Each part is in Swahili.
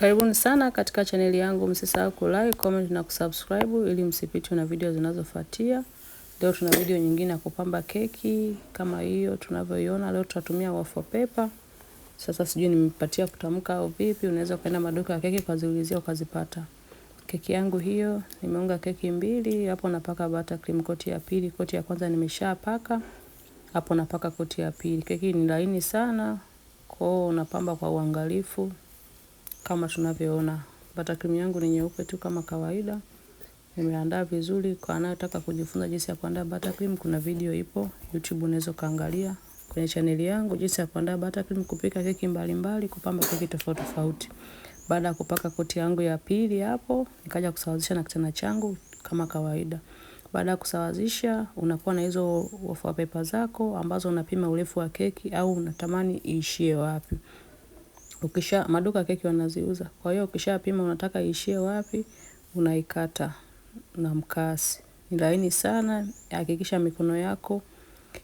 Karibuni sana katika chaneli yangu, msisahau ku like, comment na kusubscribe ili msipitwe na video zinazofuatia. Leo tuna video nyingine ya kupamba keki kama hiyo tunavyoiona. Leo tutatumia waffle paper. Sasa sijui nimepatia kutamka au vipi, unaweza kwenda maduka ya keki ukaziulizia ukazipata. Keki yangu hiyo, nimeunga keki mbili, hapo napaka buttercream koti ya pili, koti ya kwanza nimeshapaka. Hapo napaka koti ya pili. Keki ni laini sana, kwao unapamba kwa uangalifu kama tunavyoona. Bata yangu ni nyeupe tu kama kawaida. Nimeandaa vizuri kwa anayotaka kujifunza jinsi ya kuandaa bata kuna video ipo YouTube unaweza kaangalia kwenye chaneli yangu jinsi ya kuandaa bata kupika keki mbalimbali, kupamba keki tofauti tofauti. Baada ya kupaka koti yangu ya pili hapo, nikaja kusawazisha na kitana changu kama kawaida. Baada ya kusawazisha, unakuwa na hizo wafer paper zako ambazo unapima urefu wa keki au unatamani iishie wapi. Ukisha maduka keki wanaziuza. Kwa hiyo ukishapima unataka iishie wapi, unaikata na mkasi. Ni laini sana, hakikisha mikono yako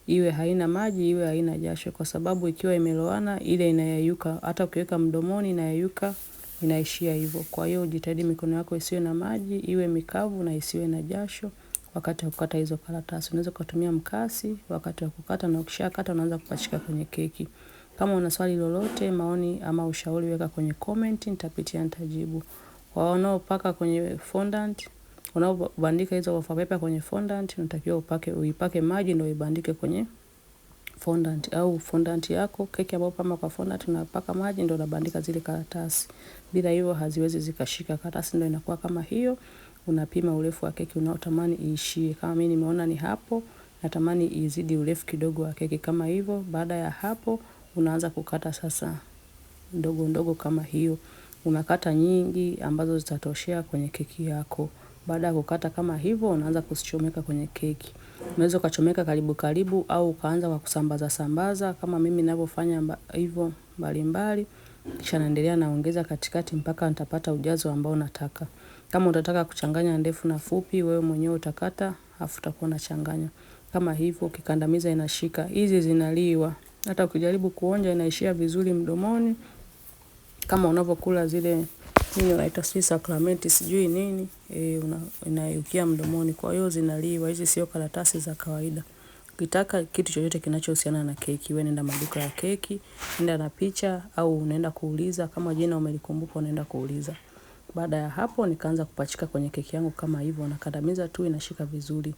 iwe haina maji, iwe haina jasho kwa sababu ikiwa imeloana ile inayayuka, Hata ukiweka mdomoni inayayuka, inaishia hivyo. Kwa hiyo jitahidi mikono yako isiwe na maji, iwe mikavu na isiwe na jasho wakati wa kukata hizo karatasi. Unaweza kutumia mkasi wakati wa kukata na ukishakata unaanza kupachika kwenye keki. Kama una swali lolote, maoni ama ushauri weka kwenye comment, nitapitia nitajibu. Kwa wanaopaka kwenye fondant, wanaobandika hizo wafaa paper kwenye fondant, unatakiwa upake, uipake maji ndio ibandike kwenye fondant au fondant yako keki ambayo pamba kwa fondant unapaka maji ndio unabandika zile karatasi. Bila hivyo haziwezi zikashika. Karatasi ndio inakuwa kama hiyo, unapima urefu wa keki unaotamani iishie. Kama mimi nimeona ni hapo, natamani izidi urefu kidogo wa keki kama hivyo. Baada ya hapo unaanza kukata sasa ndogo ndogo kama hiyo. Unakata nyingi ambazo zitatoshea kwenye keki yako. Baada ya kukata kama hivyo, unaanza kuzichomeka kwenye keki. Unaweza ukachomeka karibu karibu au ukaanza kwa kusambaza sambaza kama mimi ninavyofanya hivyo mbalimbali. Kisha naendelea naongeza katikati mpaka nitapata ujazo ambao nataka. Kama utataka kuchanganya ndefu na fupi, wewe mwenyewe utakata, afu utakuwa unachanganya. Kama hivyo ukikandamiza inashika. Hizi zinaliwa hata ukijaribu kuonja inaishia vizuri mdomoni, kama unavyokula zile nini wanaita si sakramenti sijui nini e, inaiukia mdomoni. Kwa hiyo zinaliwa hizi, sio karatasi za kawaida. Ukitaka kitu chochote kinachohusiana na keki, wewe nenda maduka ya keki, nenda na picha au unaenda kuuliza, kama jina umelikumbuka unaenda kuuliza. Baada ya hapo, nikaanza kupachika kwenye keki yangu kama hivyo, nakandamiza tu inashika vizuri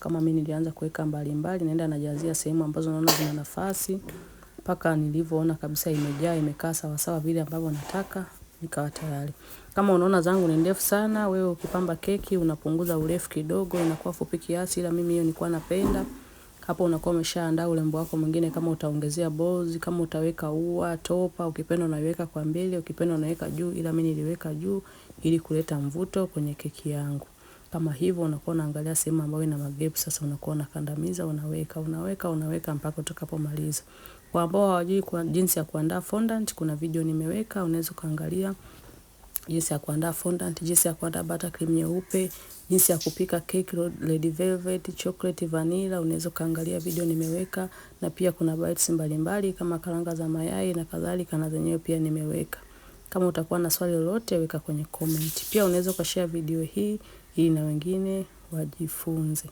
kama mimi nilianza kuweka mbalimbali, naenda najazia sehemu ambazo naona zina nafasi mpaka nilivyoona kabisa imejaa, imekaa sawa sawa vile ambavyo nataka, nikawa tayari. Kama unaona zangu ni ndefu sana, wewe ukipamba keki unapunguza urefu kidogo, inakuwa fupi kiasi, ila mimi hiyo nilikuwa napenda. Hapo unakuwa umeshaandaa urembo wako mwingine, kama utaongezea bozi, kama utaweka ua, topa, ukipenda unaiweka kwa mbele, ukipenda unaweka juu, ila mimi niliweka juu ili kuleta mvuto kwenye keki yangu kama hivyo, unakuwa unaangalia sehemu ambayo ina magap, sasa unakuwa unakandamiza, unaweka unaweka unaweka mpaka utakapomaliza. Kwa ambao hawajui kwa jinsi ya kuandaa fondant, kuna video nimeweka, unaweza kaangalia jinsi ya kuandaa fondant, jinsi ya kuandaa buttercream nyeupe, jinsi ya kupika cake red velvet, chocolate vanilla, unaweza kaangalia video nimeweka, na pia kuna bites mbalimbali kama karanga za mayai na kadhalika, na zenyewe pia nimeweka. Kama utakuwa na swali lolote, weka kwenye comment. Pia unaweza ukashare video hii ili na wengine wajifunze.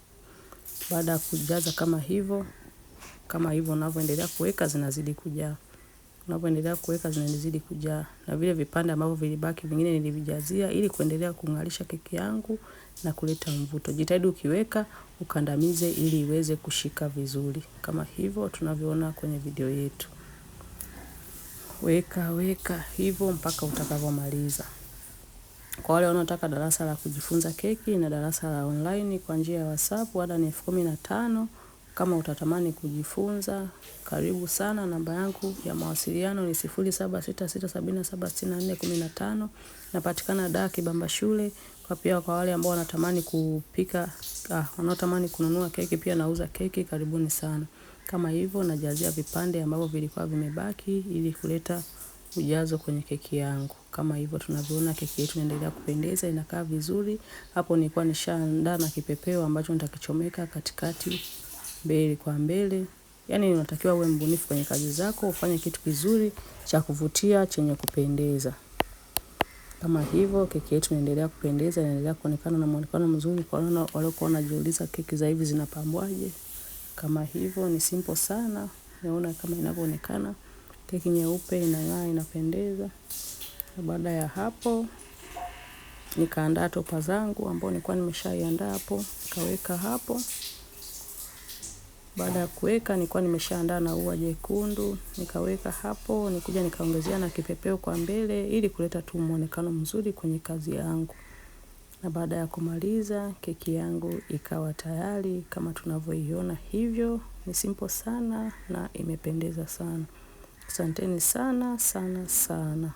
Baada ya kujaza kama hivyo, kama hivyo unavyoendelea kuweka zinazidi kujaa. Unavyoendelea kuweka zinazidi kujaa. Na vile vipande ambavyo vilibaki vingine nilivijazia ili kuendelea kungalisha keki yangu na kuleta mvuto. Jitahidi ukiweka ukandamize ili iweze kushika vizuri. Kama hivyo tunavyoona kwenye video yetu weka weka hivyo mpaka utakavyomaliza. Kwa wale wanaotaka darasa la kujifunza keki na darasa la online kwa njia ya WhatsApp, ada ni elfu kumi na tano. Kama utatamani kujifunza, karibu sana. Namba yangu ya mawasiliano ni sifuri saba sita sita sabini na saba sitini na nne kumi na tano. Napatikana Daa Kibamba Shule. Kwa pia kwa wale ambao wanatamani kupika, ah, wanaotamani kununua keki pia nauza keki. Karibuni sana. Kama hivyo najazia vipande ambavyo vilikuwa vimebaki ili kuleta ujazo kwenye keki yangu. Kama hivyo tunavyoona keki yetu inaendelea kupendeza, inakaa vizuri. Hapo nilikuwa nishaandaa na kipepeo ambacho nitakichomeka katikati mbele kwa mbele. Yaani unatakiwa uwe mbunifu kwenye kazi zako, ufanye kitu kizuri cha kuvutia chenye kupendeza. Kama hivyo keki yetu inaendelea kupendeza, inaendelea kuonekana na muonekano mzuri kwa wale waliokuwa wanajiuliza keki za hivi zinapambwaje kama hivyo. Ni simple sana, naona kama inavyoonekana keki nyeupe inang'aa, inapendeza. Na baada ya hapo nikaandaa topa zangu ambao nilikuwa nimeshaiandaa hapo, nikaweka hapo. Baada ya kuweka, nilikuwa nimeshaandaa na ua jekundu nikaweka hapo, nikuja nikaongezea na kipepeo kwa mbele, ili kuleta tu muonekano mzuri kwenye kazi yangu na baada ya kumaliza keki yangu ikawa tayari kama tunavyoiona hivyo. Ni simple sana na imependeza sana. Asanteni sana sana sana.